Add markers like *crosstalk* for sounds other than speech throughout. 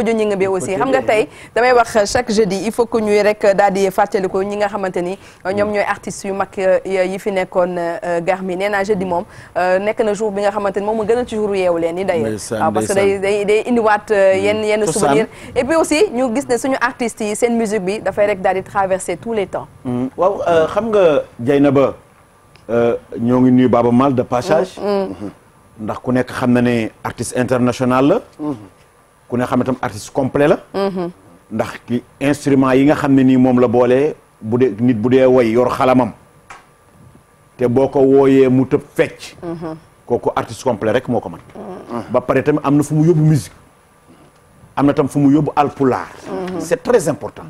ojo ñi nga bi aussi xam nga tey damay wax chaque jeudi il faut que ñuy rek daal di fàttaliku ñi nga xamante ni ñoom ñooy artist yu mag euh, yi fi nekkoon euh, garmi nee naa jeudi moom euh, nekk na jour bi nga xamante ni moom mu gën a ci jour yeewu leen yi ah, day waaw day day day indiwaat mm, yenn yenn souvenir et aussi ñu gis ne suñu artistes yi seen musique bi dafay rek daal di traverser tous les temps mm. waaw xam nga Dieynaba ñoo ngi nuyu Baba Mal de passage mm, ndax ku nekk xam na ne artiste international ku ne xam ne tam artiste complet la ndax ki instrument yi nga xam ne nii moom la boolee bu de nit bu dee woy yor xalamam te boo ko wooyee mu tëb fecc kooku artiste complet rek moo ko man ba pare tamit am na fu mu yóbbu musique am na tam fu mu yóbbu alpulaar c'est très important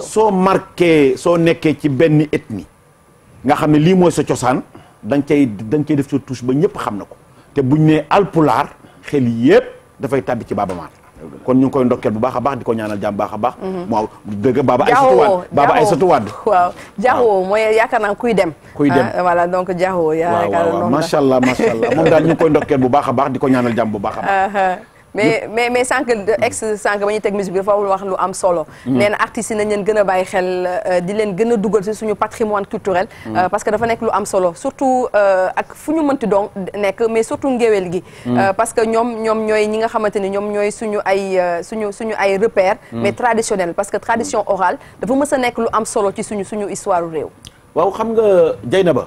soo marqué soo nekkee ci benn ethnie nga xam ne lii mooy sa cosaan dañ cay dañ cay def sa touche ba ñëpp xam na ko te buñ nee alpulaar xel yépp dafay tàbbi ci Baaba kon ñu koy ndokkeel bu baax a baax di ko ñaanal jàmm baax a baax mhm. waaw dëgg baaba ay sutu wadd baaba ay sutu wadd waaw mooy yaakaar naa kuy dem kuy dem ah, voilà donc jaxoo yaa yaakaar naa macha allah macha allah moom daal ñu koy ndokkeel bu baax a baax di ko ñaanal jàmm bu baax a baax *laughs* mais mais mais sànq ex sànq ba ñu teg musique bi dafa wax lu am solo. mais mm. na artistes yi nañ leen gën a bàyyi xel euh, di leen gën a dugal ci suñu patrimoine culturel. Mm. Euh, parce que dafa nekk lu am solo surtout euh, ak fu ñu mënti doon nekk mais surtout ngéwél gi. Mm. parce que ñoom ñoom ñooy ñi nga xamante ni ñoom ñooy suñu ay suñu suñu ay repères. mais traditionnel parce que tradition orale dafa mës a nekk lu am solo ci suñu suñu histoire réew. waaw xam nga Dieynaba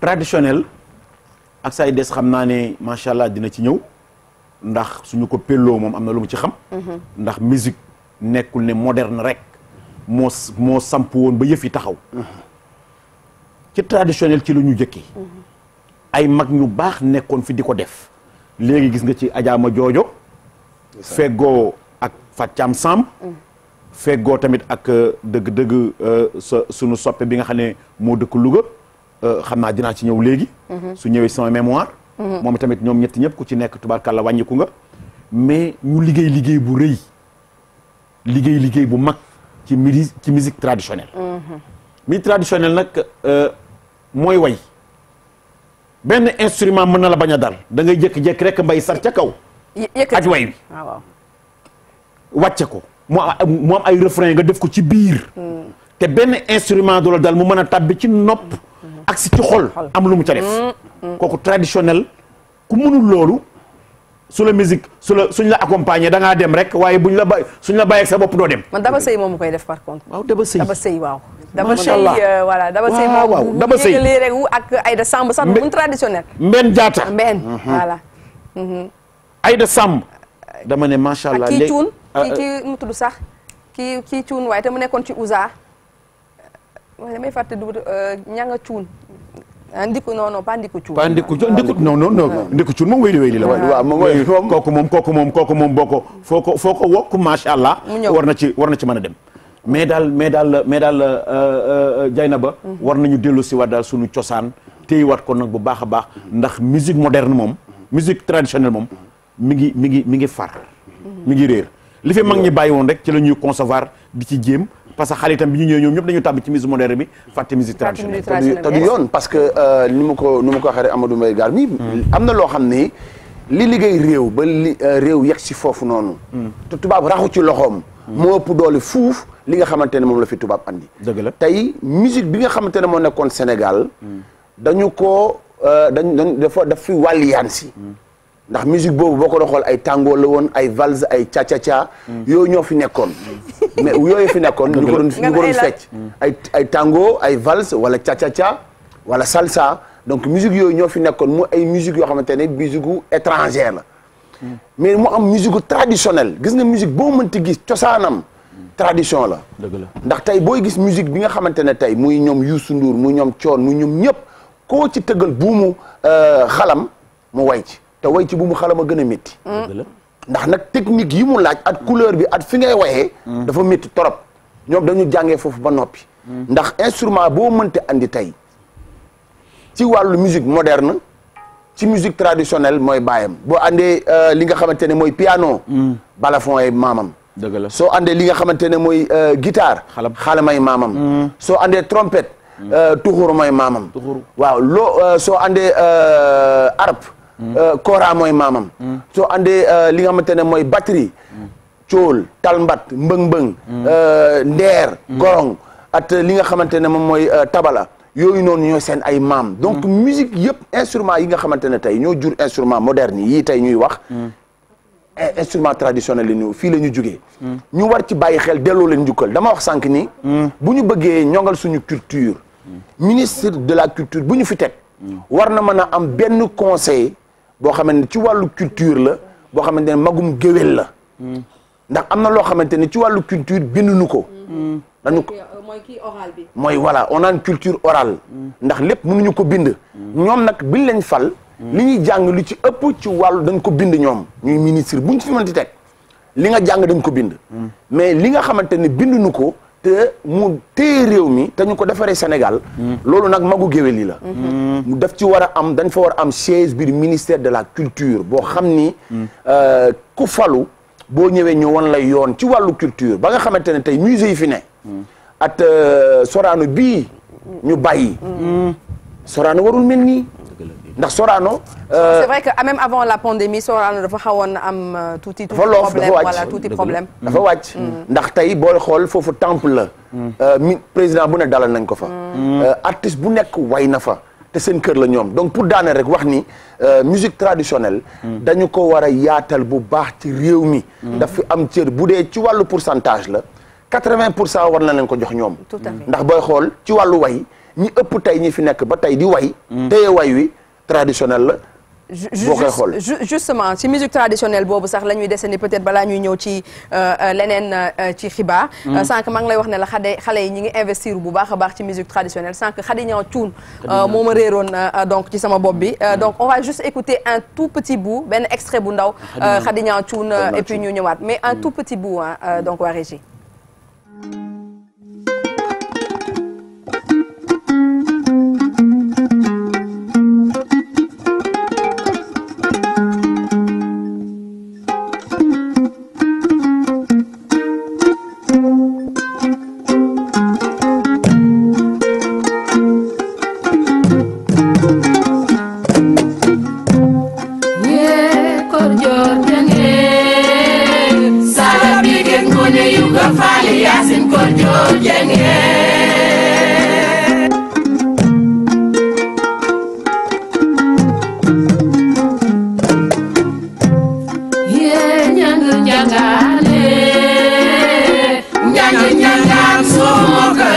traditionnel ak say des xam naa ne macha allah dina ci ñëw. ndax suñu ko pelloo moom am na lu mu ci xam ndax musique nekkul ne moderne rek moo moo samp woon ba yëf yi taxaw ci traditionnel ci lu ñu jëkkee ay mag ñu baax nekkoon fi di ko def léegi gis nga ci ajaama joojo feggoo ak fàccaam samb mm. feggoo tamit ak euh, dëgg-dëgg euh, sa sunu soppee bi nga xam ne moo dëkk Louga euh, xam naa dinaa ci ñëw léegi mm-hmm. su ñëwee sama mémoire Mm-hmm. moom tamit ñoom ñett ñëpp ku ci nekk tubaarkàlla wàññiku nga mais ñu liggéey liggéey bu rëy liggéey liggéey bu mag ci miri ci musique traditionnelle mm-hmm. musique traditionnelle nag euh, mooy way benn instrument mën na la bañ a dal da ngay jékki-jékki rek mbay sar ca kaw aj way wi ah, wàcce ko mu am ay refrain nga def ko ci biir mm. te benn instrument du la dal mu mën a tàbbi ci nopp agsi ci xol am lu mu ca def mm, mm. kooku traditionnel ku mënul loolu su la musique su la suñ la accompagner da dem rek waaye buñ la bay suñ la bàyyeeg sa bopp doo dem man daba sëy moom koy def par contre waaw daba sëy daba sëy waaw daba sëy euh, voilà daba sëy moom daba sëy lii rek wu ak Aïda Samb sax mun traditionnel mbenn jaata mbenn mhm. voilà mhm. Aïda Samb dama ne macha allah kii cuun ah, kii ah. kii mu tudd sax kii cuun waaye te mu nekkoon ci ousa damay fàtte du ñanga euh, cuun ndiku non non pas ndiku cuun. pas ndiku cuun ndiku non non non ah. ndiku cuun moom wéyli wéyli la. Ah. waaw moom mooy moom kooku moom kooku moom boo ko foo ko ko wokk macha allah. war na ci war na ci mën a dem. mais daal mais daal mais daal euh, euh, euh, Dieynaba. Mhm. war na ñu si waat daal suñu cosaan. téyewaat ko nag bu baax a baax ndax musique moderne moom. musique traditionnelle moom mi ngi mi ngi mi ngi far. Mhm. mi ngi réer li fi mag ñi bàyyi woon rek ci la ñuy concevoir di ci jéem. parce que xaritam bi ñu ñëwee ñoom ñëpp dañu tàbb ci musique moderne bi fàtte musique traditionnelle te du yoon parce que euh, ni mu ko ni mu ko waxee rek Amadou Mbaye Gaar mi am na loo xam ni li liggéey réew ba li euh, réew yegg si foofu noonu hmm. te tubaab raxu ci loxoom hmm. moo ëpp doole fuuf li nga xamante ne moom la fi tubaab andi dëgg la tey musique bi nga xamante ne moo nekkoon Sénégal hmm. dañu ko euh, dañ dañ dafa daf fi wàlliyaan si ndax musique boobu boo ko doon xool ay tango la woon ay valse ay cha-cha-cha yooyu ñoo fi nekkoon mais yooyu fi nekkoon ñu ko doon ñu ko doon fecc ay ay tango ay valse wala cha-cha-cha wala salsa donc musique yooyu ñoo fi nekkoon mu ay musique yoo xamante ne musique gu étrangère la mais mu am musique traditionnelle gis nga musique boo mënti gis cosaanam tradition la ndax tey booy gis musique bi nga xamante ne tey muy ñoom Youssou Ndour muy ñoom Thione muy ñoom ñëpp koo ci tëggal buumu euh, xalam mu way ci te way ci bu mu xalam gën a métti mm. ndax nag technique yi mu laaj ak couleur bi ak fi ngay wayee mm. dafa métti trop ñoom dañu jànge foofu ba noppi mm. ndax instrument boo mënte andi tey ci wàllu musique moderne ci musique traditionnelle mooy baayam boo andee euh, li nga xamante ne mooy piano balafon ay maamam dëgg soo andee li nga xamante ne mooy euh, guitare xalamay maamam soo andee trompette euh, tuxuru may maamam waaw loo soo andee arab Kora euh, mooy maamam. soo andee euh, li nga xamante ne mooy batterie. cool talmbat mbëng-mbëng. Mm. Euh, ndeer mm. gorong at li nga xamante ne moom mooy tabala. yooyu noonu ñoo seen ay maam. Mm. donc musique yëpp instrument yi nga xamante ne tey ñoo jur instrument moderne yii tey ñuy wax. Eh, instrument traditionnel yi nu fii la ñu jugee. ñu war ci bàyyi xel delloo leen jukkal dama wax sànq ni. bu ñu bëggee ñongal suñu culture. ministre de la culture bu ñu fi teg. war na mën a am benn conseil. boo xamante ci wàllu culture la boo xamante ne magum géwél la ndax am na loo xamante ne ci wàllu culture binduñu ko dañu ko mooy kii oral voilà on culture orale ndax lépp mënuñu ko bind ñoom nag biñ lañ fal li ñuy jàng lu ci ëpp ci wàllu dañ ko bind ñoom ñuy ministre buñ fi mën di teg li nga jàng dañ ko bind hmm. mais li nga xamante ne binduñu ko te mu téye réew mi te ñu ko defaree Sénégal. loolu nag magu géwél yi la. mu daf ci war a am dañ fa war a am chaise biir ministère de la culture boo xam ni. Euh, ku falu boo ñëwee ñu wan yoon ci wàllu culture ba nga xamante ne tey musée yi fi ne. at euh, Sorano bii ñu bàyyi. Mm. Sorano warul mel nii. ndax Sorano. Euh, c'est vrai que ah, même avant la pandémie Sorano dafa xawoon am euh, tuuti. tuuti problème voilà tuuti problème. dafa wàcc mm. ndax tey booy xool foofu temple la. Mm. Euh, mi président bu ne dalal nañ ko fa. Mm. artiste bu nekk way na fa. te seen kër la ñoom donc pour daane rek wax ni musique traditionnelle. dañu ko war a yaatal bu baax ci réew mi. daf fi am cër bu dee ci wàllu pour centage la. 80 pour cent war na leen ko jox ñoom. tout ndax booy xool ci wàllu way ñi ëpp tey ñi fi nekk ba tey di way. téye way wi. traditionnelle la. boo koy xool justement ci musique traditionnelle boobu sax la ñuy desandi peut-être balaa ñuy ñëw ci euh, euh, leneen euh, ci xibaar. Mm. sànq maa ngi lay wax ne la xade xale yi ñu ngi investir bu baax a baax ci musique traditionnelle sànq xadi ñoo cuun moo ma réeroon donc ci sama bopp bi mm. donc on va juste écouter un tout petit bout benn extrait bu ndaw xadi ñoo cuun et puis ñu ñëwaat mais un mm. tout petit bout ah donc waa régie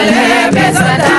Olha, pensa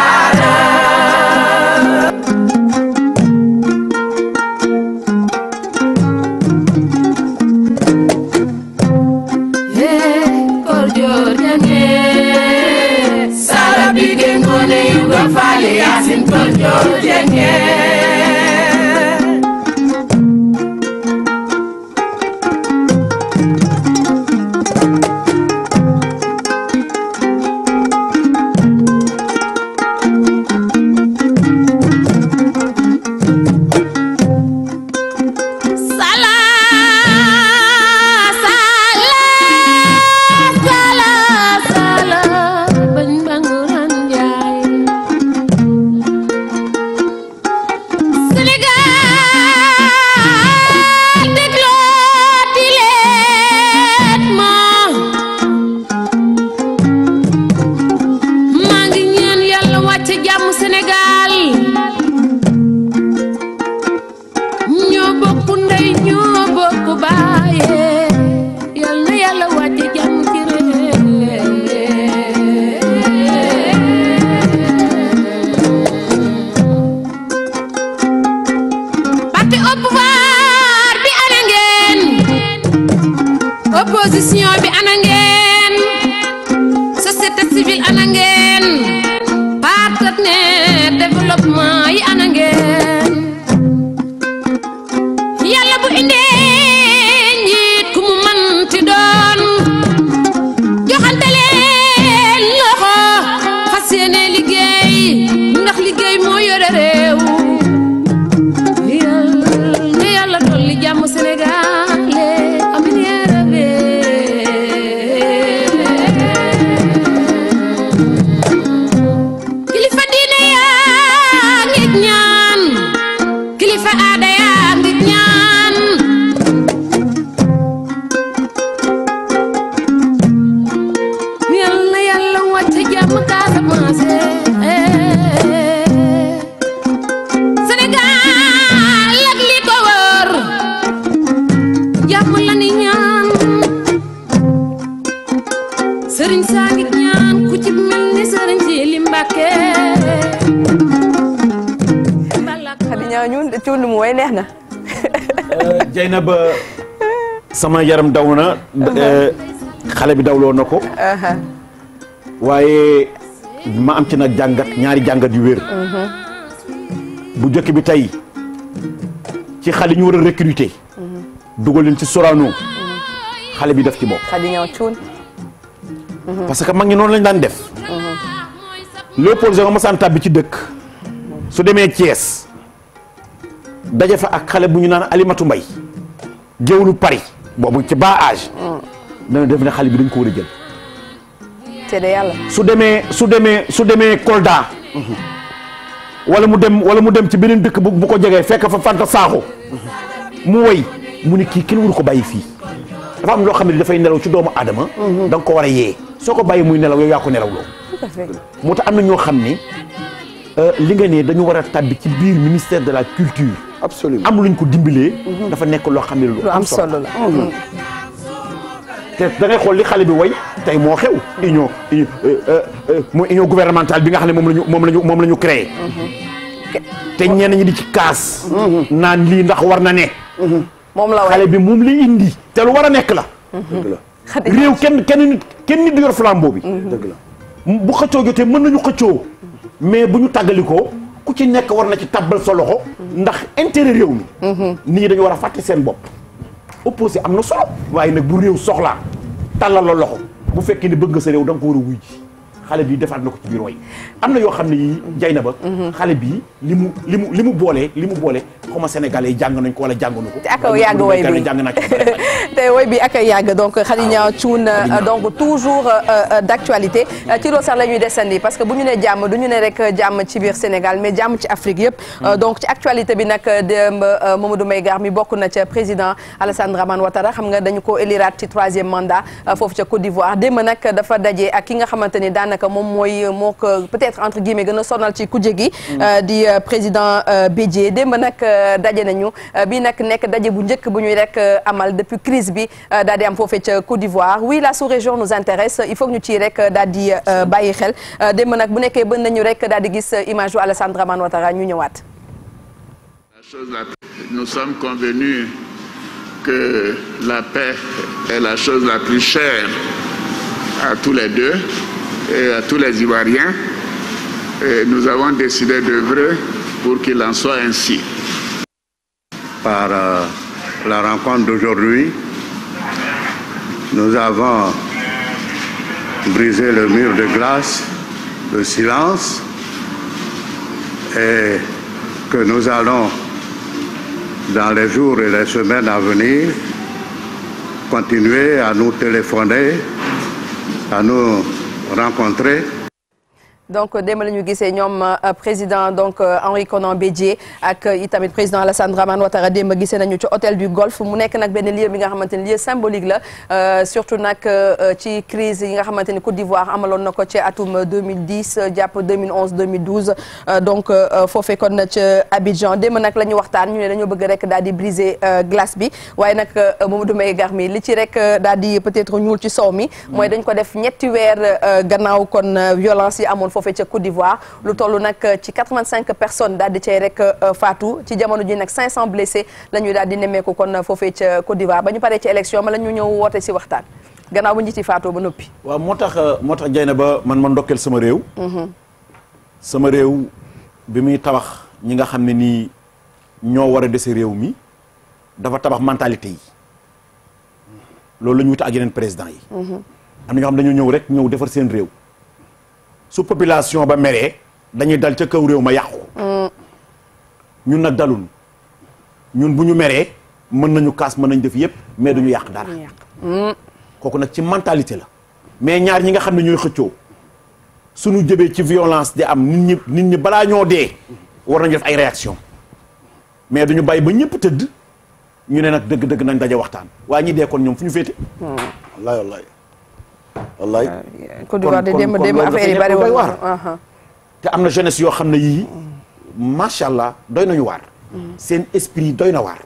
waaye neex na. Dieynaba eh, sama yaram daw na. Eh, xale bi dawloo na ko. waaye ma am ci nag jàngat ñaari jàngat yu wér. Mhm. bu njëkk bi tey ci xale ñu war a recruter. Mhm. dugal leen ci Sorano. Mhm. xale bi def ci bopp. xale ñëw cuun. parce que mag ñi noonu lañ daan def. Léopold Senghor ma saan tàbbi ci dëkk. su demee Thiès. daje fa ak xale bu ñu naan Alimatu Mbay géwlu Paris boobu ci bas âge. Mm. dana def ne xale bi dañ ko war a jël. te su demee su demee su demee Kolda. Mm-hmm. wala mu dem wala mu dem ci beneen dëkk bu bu ko jegee fekk fa Fanta Saaxo mm-hmm. mu woy mu ne kii kenn waru ko bàyyi fii. dafa am loo xam ne dafay nelaw ci doomu aadama. Mm-hmm. da ko war a yee. soo ko bàyyi muy nelaw yow yaa ko nelaw loo. moo tax am na ñoo xam ne euh, li nga ne dañu war a tàbbi ci biir ministère de la culture. absolument am luñ ko dimbalee. Mhm. dafa nekk loo xam ne lu am solo la mhm. te da ngay li xale bi way tey moo xew. union euh, euh, euh, mooy union gouvernementale bi nga xam ne moom la ñu moom la ñu moom la ñu créé. Mhm. te ñenn ñi di ci kaas. naan lii ndax war na ne. moom la xale bi moom lay indi. te lu war a nekk la. dëgg réew kenn kenn nit kenn nit du yor flambeau bi. dëgg bu xëccoo jotee mën nañu xëccoo mais bu ñu ko ku ci nekk war na ci tàbbal sa loxo. ndax intérêt réew mi. Mhm. nit ñi dañu war a fàtte seen bopp. opposé am na solo. waaye nag bu réew soxlaa tàllal la loxo bu fekkee ne bëgg nga sa réew da nga ko war a wuy xale bi defaat na ko ci biir way am na yoo xam ne yii jay na ba xale bi li mu li mu li mu boole li mu boole xoma sénégalais yi jàng nañ ko wala jànganu ko te ak a yàgg jàng naa ko te way bi a yàgg donc Khadija ah, Thioune donc toujours euh, euh, d'actualité ci loolu sax la desandi parce que bu ñu ne jàmm du ñu ne rek jàmm ci biir Sénégal mais jàmm ci Afrique yëpp euh, mm. donc ci actualité bi nag démb Mamadou Maygar mi bokk na ca président Alassane Dramane Ouattara xam nga dañu ko éliraat ci troisième mandat foofu ca Côte d'Ivoire démb ki nga xamante ni daana daanaka moom mooy euh, moo ko peut-être entre gën a sonal ci kuje gi. Mm. Euh, di euh, président Bédié démb nag daje nañu bi nag nekk daje bu njëkk bu ñuy rek amal depuis crise bi daal di am foofee ca Côte d'Ivoire la sous-région nous intéresse il faut que ñu ciy rek daal di bàyyi xel démb nag bu nekkee bën nañu rek daal di gis image yu Alassane Dramane Ouattara ñu ñëwaat. Nous et à tous les Ivoiriens, et nous avons décidé d'œuvrer pour qu'il en soit ainsi. Par euh, la rencontre d'aujourd'hui, nous avons brisé le mur de glace, le silence, et que nous allons, dans les jours et les semaines à venir, continuer à nous téléphoner, à nous rencontrés donc euh, démb la ñu gisee ñoom euh, président donc euh, Henri Konan Bédié ak itamit président Alassane Dramane Ouattara démb gisee nañu ci hôtel du Golfe mu nekk nag benn lieu bi nga xamante ni lieu symbolique la surtout nag ci crise yi nga xamante ni Côte d'Ivoire amaloon na ko ci atum 2010 jàpp 2011 2012 donc foofee kon na ci Abidjan démb nag la ñu waxtaan ñu ne dañoo bëgg rek daal di briser glace bi waaye nag Mamadou Mbaye Garmi li ci rek daal di peut-être ñuul ci sow mi mooy dañ ko def ñetti weer gannaaw kon violence yi amoon foofe ca Côte d'Ivoire lu toll nag euh, ci cinq personnes daal di cay rek euh, euh, faatu ci jamono ji nag cinq blessés la ñuy daal di nemmeeku kon foofee ca Côte d'Ivoire ba ñu paree ci élection ma la ñu ñëw woote si waxtaan gannaaw bu njiiti faatoo ba noppi. waaw moo tax moo tax jay na ba man man ndokkeel sama réew. Mhm. sama réew bi muy tabax ñi nga xam ne nii ñoo war a dese réew mi dafa tabax mentalité yi loolu la ñu wute ak yeneen président yi. Mhm. am na ñoo xam dañoo seen réew. su population ba meree dañuy dal ca kaw réew ma yàqu ñun nag dalun ñun bu ñu meree mën nañu kaas mën nañ def yépp mais duñu yàq dara kooku nag ci mentalité la mais ñaar ñi nga xam ne ñooy xëccoo suñu jëbee ci violence di am nit ñi nit ñi balaa ñoo dee war nañu def ay réaction mais duñu bàyyi ba ñëpp tëdd ñu ne nag dëgg-dëgg nañ daje waxtaan waaye ñi dee kon ñoom fu ñu féete hmm. wallaay euh, Côte d'Ivoire de démb démb affaire yi bari waar uh-huh. te am na jeunesse yoo xam ne yii macha allah doy nañu waar mm. seen esprit doy na waar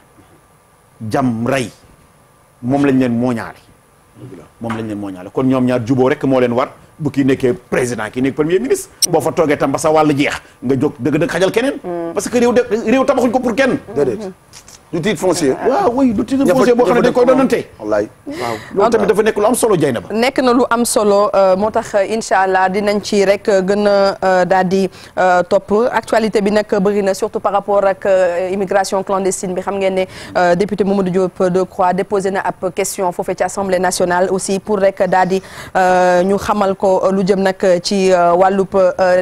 jam rey moom lañ leen mooñaale moom lañ leen mooñaale kon ñoom ñaar juboo rek moo leen war bu ki nekkee président ki nekk premier ministre mm. boo fa toogee tam ba sa wàll jeex nga jóg dëgg-dëgg xajal keneen mm. parce que réew de réew tabaxuñ ko pour kenn mm-hmm. du titre foncier. Ah, boo xam ne dañ koy doonante. wallaay waaw loolu tamit dafa nekk solo jay na nekk na lu am solo euh, moo tax euh, incha allah dinañ ci rek euh, gën a daal di topp actualité bi nag bëri na surtout par rapport ak immigration clandestine bi xam ngeen ne député Mamadou Diop Decroix déposé na ab question foofee ci assemblée nationale aussi pour rek daal di ñu xamal ko lu jëm nag ci wàllub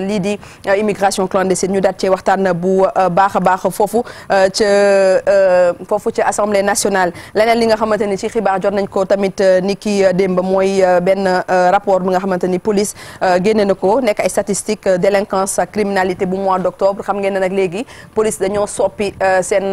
lii di immigration clandestine ñu daal cee waxtaan bu baax a baax foofu ca. Euh, foofu ci assemblée nationale leneen li nga xamante ni ci xibaar jot nañ ko tamit euh, ni ki euh, démb mooy benn rapport bi nga xamante ni police génne na ko nekk ay statistiques délinquance ak criminalité bu mois d' octobre xam ngeen ne nag léegi police dañoo soppi seen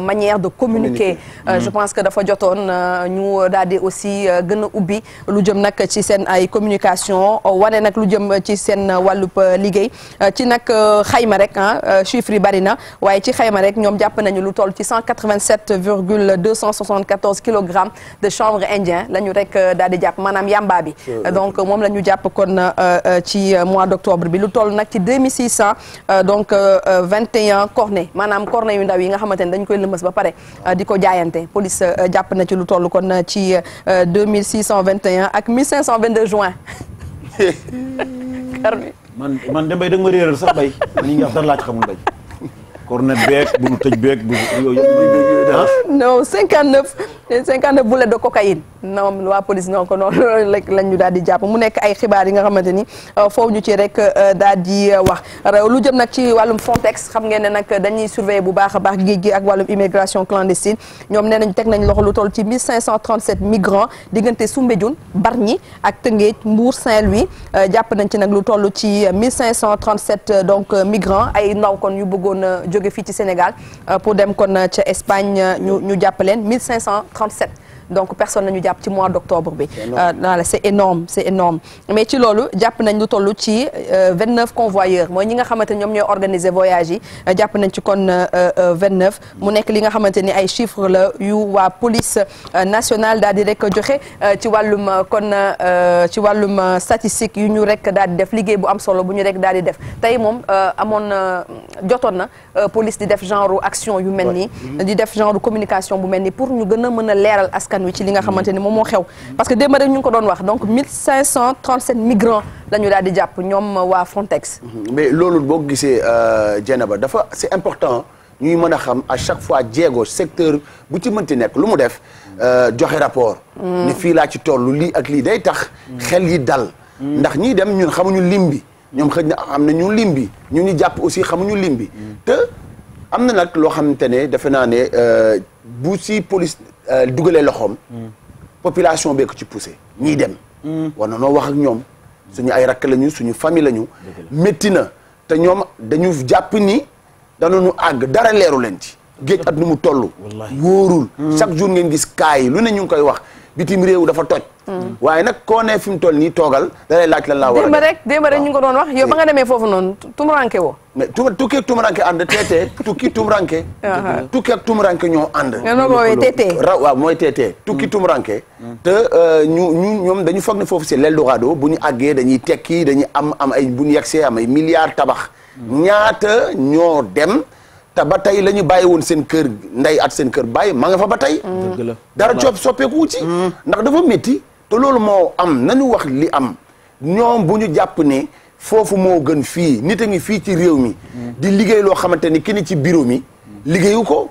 manière de communiquer je mm. pense que dafa jotoon ñu daal di aussi gën a ubbi lu jëm nag ci seen ay communication wane nag lu jëm ci seen wàllub liggéey ci nag xayma rek ah chiffres na waaye ci xayma 187 virgule 274 kilogrammes de chanvre indien la ñu rek euh, daal di jàpp manaam yamba bi donc euh, moom la ñu jàpp kon euh, ci mois d'octobre bi lu toll nag ci 2600 donc 21 cornet maanaam cornet yu ndaw yi nga xamante ne dañ koy lëmbës ba pare di ko jaayante police jàpp na ci lu toll kon ci 2621 ak 1522 juin *laughs* man man de Mbaye da nga ma réeral sax Mbaye man yi nga xam dara laa ci xamul Mbaye cornet beeg bu nu tëj beeg bu yooyu yëpp ah, non cinquante neuf cinquante neuf boulet de cocaïne non waa police non ko noonu rek lañ ñu daal di jàpp mu nekk ay xibaar yi nga xamante ni euh, foofu ñu ci rek euh, daal di euh, wax lu jëm nag ci wàllum Frontex xam ngeen ne nag dañuy surveiller bu baax a baax géej gi ak wàllum immigration clandestine ñoom nee nañ teg nañ loxo lu toll ci 1537 migrants diggante Soumbédioune Bargny ak Tëngéej Mbour Saint-Louis jàpp nañ ci nag lu toll ci 1537 donc migrants ay ndaw kon yu bëggoon a jóge jóge fii ci Sénégal euh, pour dem kon euh, ca Espagne euh, ñu ñu jàppaleen 1537 donc personne nañu jàpp ci mois d' octobre bi voilà c' est énorme euh, c' énorme mais ci loolu jàpp nañ lu toll ci euh, vingt neuf convoyeurs mooy ñi nga xamante ñoom ñooy organiser voyage yi euh, jàpp nañ ci kon vingt neuf mu nekk li nga xamante ni ay chiffres la yu waa police nationale daal di rek joxe ci wàllum kon ci wàllum statistique yu ñu rek daal di def liggéey bu am solo bu ñu rek daal di def tey moom amoon na jotoon na police di def genre action yu mel nii mm-hmm. di def genre communication bu mel nii pour ñu gën mën a leeral askan askan ci li nga xamante ni moom moo xew parce que démb rek ñu ngi ko doon wax donc 1537 migrants la ñu daal di jàpp ñoom waa Frontex mmh. mais loolu boo gisee euh, Dieynaba dafa c'est important ñuy mën a xam à chaque fois jéego secteur bu ci mënti nekk lu mu def euh, joxe rapport mmh. ne fii laa ci tollu lii ak lii day tax mmh. xel yi dal ndax ñii dem ñun xamuñu lim bi ñoom xëj na am na ñu lim bi ñu ñu jàpp aussi xamuñu lim bi te am na nag loo xamante ne defe naa ne euh, bu ci police Euh, dugalee loxoom. population bee ko ci poussé ñiy dem. war na noo wax ak ñoom suñu ay rakk lañu suñu famille lañu. métti na te ñoom dañu jàpp ni danañu àgg dara leeru leen ci. géej at nu mu toll. wóorul hmm. chaque jour ngeen gis kaay yi lu ne ñu ngi koy wax. bitim réew dafa toj. waaye nag koo ne fi mu toll nii toogal da lay lan laa war a. démb rek démb rek ñu ko doon wax yow ba nga demee foofu noonu tumuranke woo. mais tu tukki ak tumuranke ànd teetee tukki tumuranke. tukki ak tumuranke ñoo ànd. mooy teetee. tukki mm. tumuranke. Mm. te euh, ñu ñu ñoom dañu foog ne foofu c'est l'Eldorado bu ñu àggee dañuy tekki dañuy am am ay bu ñu yegsee am ay milliards tabax. Mm. ñaata ñoo dem. te ba tey la ñu bàyyi woon seen kër ndey at seen kër bàyyi maa nga fa ba tey. Mm. la dara coob soppeeku wu ci. Mm. ndax dafa métti te loolu moo am nañu wax li am ñoom bu ñu jàpp ne foofu moo gën fii nit a ngi fii ci réew mi. Mm. di liggéey loo xamante ni ki ni ci bureau mi liggéeyu ko.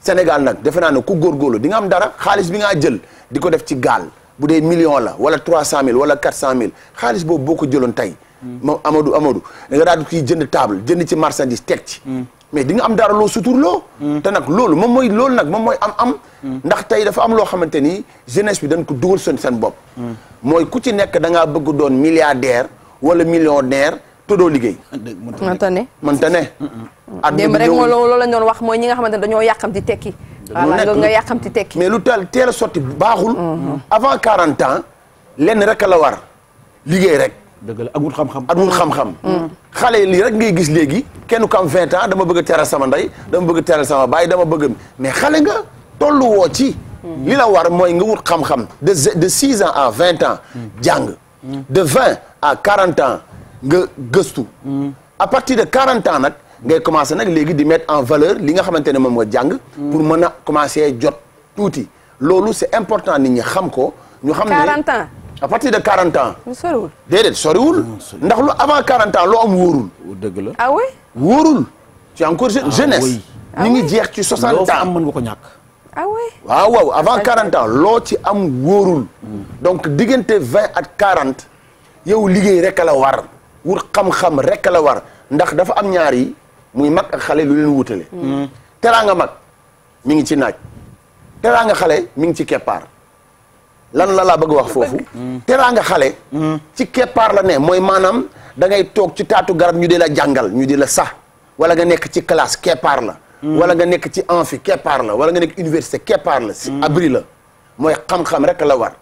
Sénégal nag defe naa ne ku góorgóorlu di nga am dara xaalis bi ngaa jël di ko def ci gaal bu dee million la wala trois cent mille wala quatre cent mille xaalis boobu boo ko jëloon tey. moom Amadou Amadou da nga daal jënd table jënd ci marchandise teg ci. mais di nga am dara loo loo te nag loolu moom mooy loolu nag moom mooy am-am. ndax tey dafa am loo xamante ni jeunesse bi dañ ko dugal seen seen bopp. mooy ku ci nekk da ngaa bëgg doon milliardaire wala millionnaire te doo liggéey. mënta ne mënta ne. at démb rek moo loolu lañ doon wax mooy ñi nga xamante ne dañoo yàqamti tekki. lu nga yàqamti tekki. mais lu teel teel a sotti baaxul. Mm-hmm. avant quarante ans lenn rek a la war liggéey rek. dëgg la ak wut xam-xam ak wut xale lii rek ngay gis léegi kenn ku am vingt ans dama bëgg a teral sama ndey dama bëgg a teral sama baay dama bëgg mais xale nga tollu woo ci li la war mooy nga wut xam-xam de de six ans à vingt ans jàng de vingt à quarante ans nga gëstu à partir de quarante ans nag ngay commencer nag léegi di mettre en valeur li nga xamante ne moom nga jàng pour mën a commencer jot tuuti loolu c'est important nit ñi xam ko ñu xam ne à partir de 40 ans. lu soriwul. déedéet ndax lu avant 40 ans loo am wóorul. dëgg la ah wóorul. tu es encore ah jeunesse. Ah ñu ngi jeex ci 60 ans am mën nga ko ñàkk. ah avant 40 ans loo ci am wóorul. donc diggante 20 ak quarant yow liggéey rek la war wut xam-xam rek la war ndax dafa am ñaari muy mag ak xale lu leen wutale. Hmm. teraanga mag mi ngi ci naaj. teraanga xale mi ngi ci keppaar. lan la laa bëgg wax foofu. teraanga xale. ci keppaar la ne mooy maanaam da ngay toog ci taatu garab ñu dee la jàngal ñu di la sax wala nga nekk ci classe keppaar la. wala nga nekk ci amphi keppaar la wala nga nekk université keppaar la. si abri la mooy xam-xam rek la war.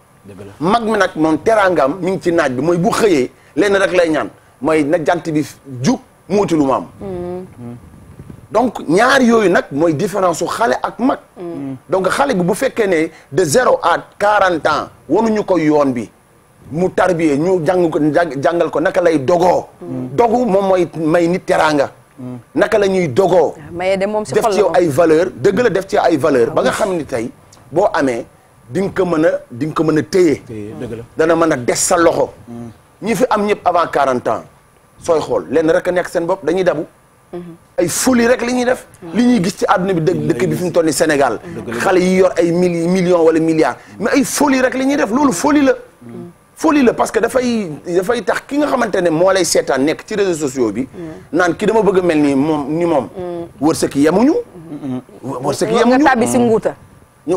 mag mi nag moom teraangam mi ngi ci naaj bi mooy bu xëyee lenn rek lay ñaan mooy na jant bi jug muuti lu ma donc ñaar yooyu nag mooy différence su xale ak mag. donc xale bi bu fekkee ne de zéro à quarante ans wanuñu ko yoon bi mu tarbiye ñu jàng ko jàngal ko naka lay dogoo. dogu moom mooy may nit teraanga. naka la ñuy dogoo. Ah, maye de moom si def ci yow ay valeur dëgg la def ci ay valeur ba nga ah, xam ni tey boo amee di nga ko mën a di nga ko mën a téye. dëgg dana mën a des sa loxo. Mm. ñi fi am ñëpp avant quarante ans sooy xool lenn rek a nekk seen bopp dañuy dabu. ay folie rek li ñuy def. Mm-hmm. li ñuy gis ci àdduna bi dëkk dëkk bi fi mu toll nii Sénégal. xale yi yor ay mili millions wala milliards mais ay folie rek li ñuy def loolu folie la. Mm-hmm. folie la parce que dafay dafay tax ki nga xamante ne moo lay seetaan nekk ci réseaux sociaux bi. Mm-hmm. naan ki dama bëgg mel ni moom ni moom. wërsëg yemuñu. wërsëg yemuñu nga tàbbi si nguuta.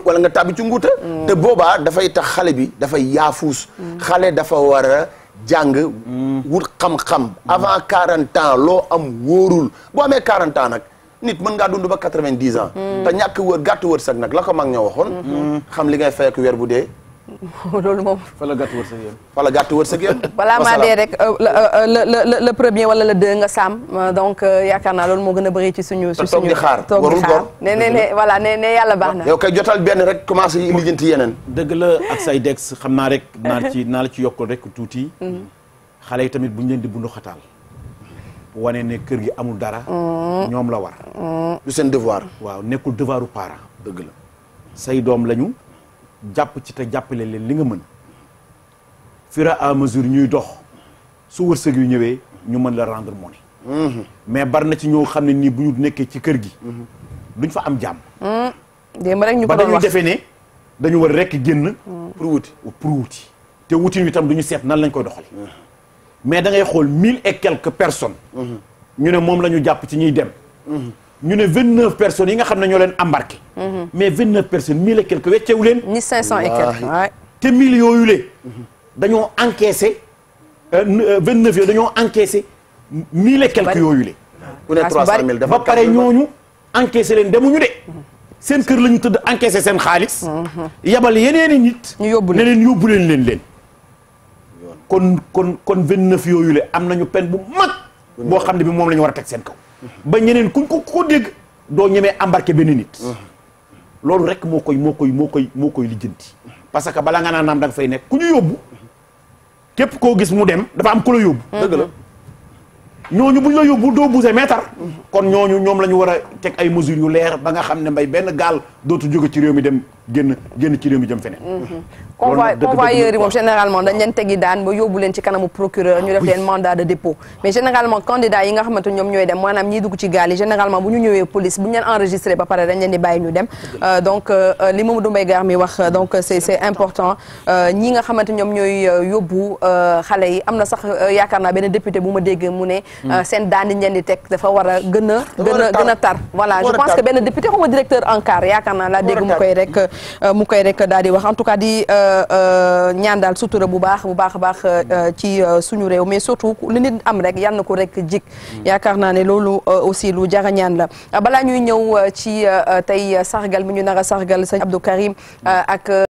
wala nga tàbbi ci nguuta. te boobaa dafay tax xale bi dafay yaafuus. xale dafa war jàng. wut xam-xam. avant quarante ans loo am wóorul boo amee quarante nag nit mën ngaa dund ba quatre-vingt-dix ans. Mm. te ñàkk wër gàtt wër sag nag la ko mag ñoo waxoon. Mm-hmm. xam li ngay fay ak bu dee. *laughs* loolu moom. fa la gàtt wërsëg yem. fa la gàtt wërsëg yem. *laughs* balaa maa dee rek euh, euh, euh, le le premier wala la dë nga saam donc yaakaar naa loolu moo gën a bëri ci suñu. ci suñu toog di xaar warul gor ne ne ne voilà ne ne yàlla baax na. yow kay jotal benn rek commencé lijjanti yeneen. dëgg la ak say dex xam naa rek naa ci *laughs* la ci yokkal rek tuuti. Mm-hmm. xale yi tamit bu ñu leen di bundu xataal. wane ne kër gi amul dara. Mm-hmm. ñoom la war. Mm-hmm. du seen devoir. waaw nekkul devoiru parent. dëgg la say doom lañu. jàpp ci te jàppale leen li nga mën fur et à mesure ñuy dox su wërsëg yu ñëwee ñu mën la rendre monnaie mm-hmm. mais bari na ci ñoo xam ne nii bu ñu nekkee ci kër gi mm-hmm. duñ fa am jàmm mm-hmm. démb rek ñu ko doon wax ba dañuy defee ne dañu war rekk génn mm. pour wuti pour wuti te wutin wi tam du ñu seet nan lañ koy doxale mm. mais da ngay xool mille et quelques personnes ñu ne moom la ñu jàpp ci ñuy dem ñu ne vingt neuf personnes yi nga xam ne ñoo leen embarqué. Mhm. mais vingt neuf personnes mille et quelques weccewu leen. mille cinq cent et te mille yooyu le dañoo encaissé euh, euh, vingt neuf yooyu dañoo encaissé mille et quelques yooyu le. ku ne trois cent mille ba pare ñooñu encaissé leen demuñu de. Mhm. seen kër lañu tëdd encaissé seen xaalis. Mhm. yabal yeneen i nit. ñu yóbbu ne leen yóbbu leen leen leen. kon kon kon vingt neuf yooyu le am nañu pen bu mag. boo xam ne bi moom la ñu war a teg seen kaw. ba ñeneen ku ko ko dégg doo ñemee embarqué benn nit loolu rek moo koy moo koy moo koy moo koy lijjanti parce que balaa nga naan naam da fay nekk ku ñu yóbbu képp koo gis mu dem dafa am ku la yóbbu dëgg la ñooñu buñ la yóbbu doo bougé mètre kon ñooñu ñoom la ñu war a teg ay mesures yu leer ba nga xam ne mbay benn gaal dootu jóge ci réew mi dem génn génn ci réew mi jëm feneen. Mhm. convoy convoyeur yi moom généralement dañ leen daan ba yóbbu leen ci kanamu procureur ñu def leen mandat de dépôt mais généralement candidat yi nga xamante ñoom ñooy dem maanaam ñiy dugg ci euh, euh, mi wax euh, donc c'est important ñi nga xamante ñoom ñooy yóbbu xale yi am na sax yaakaar naa benn député bu ma dégg mu ne hmm. seen daan yi di teg dafa war a gën a tar voilà je pense que benn député xaw directeur ANCAR yaakaar naa laa Euh, mu koy rek daal di wax en tout cas di euh, euh, ñaan daal sutura bu baax bu baax a baax ci suñu réew mais surtout lu nit am rek yal na ko rek jik mm. yaakaar naa ne loolu aussi lu jara ñaan la balaa ñuy ñëw ci tey sargal mi ñu nar a sargal sëñ Abdou Karim ak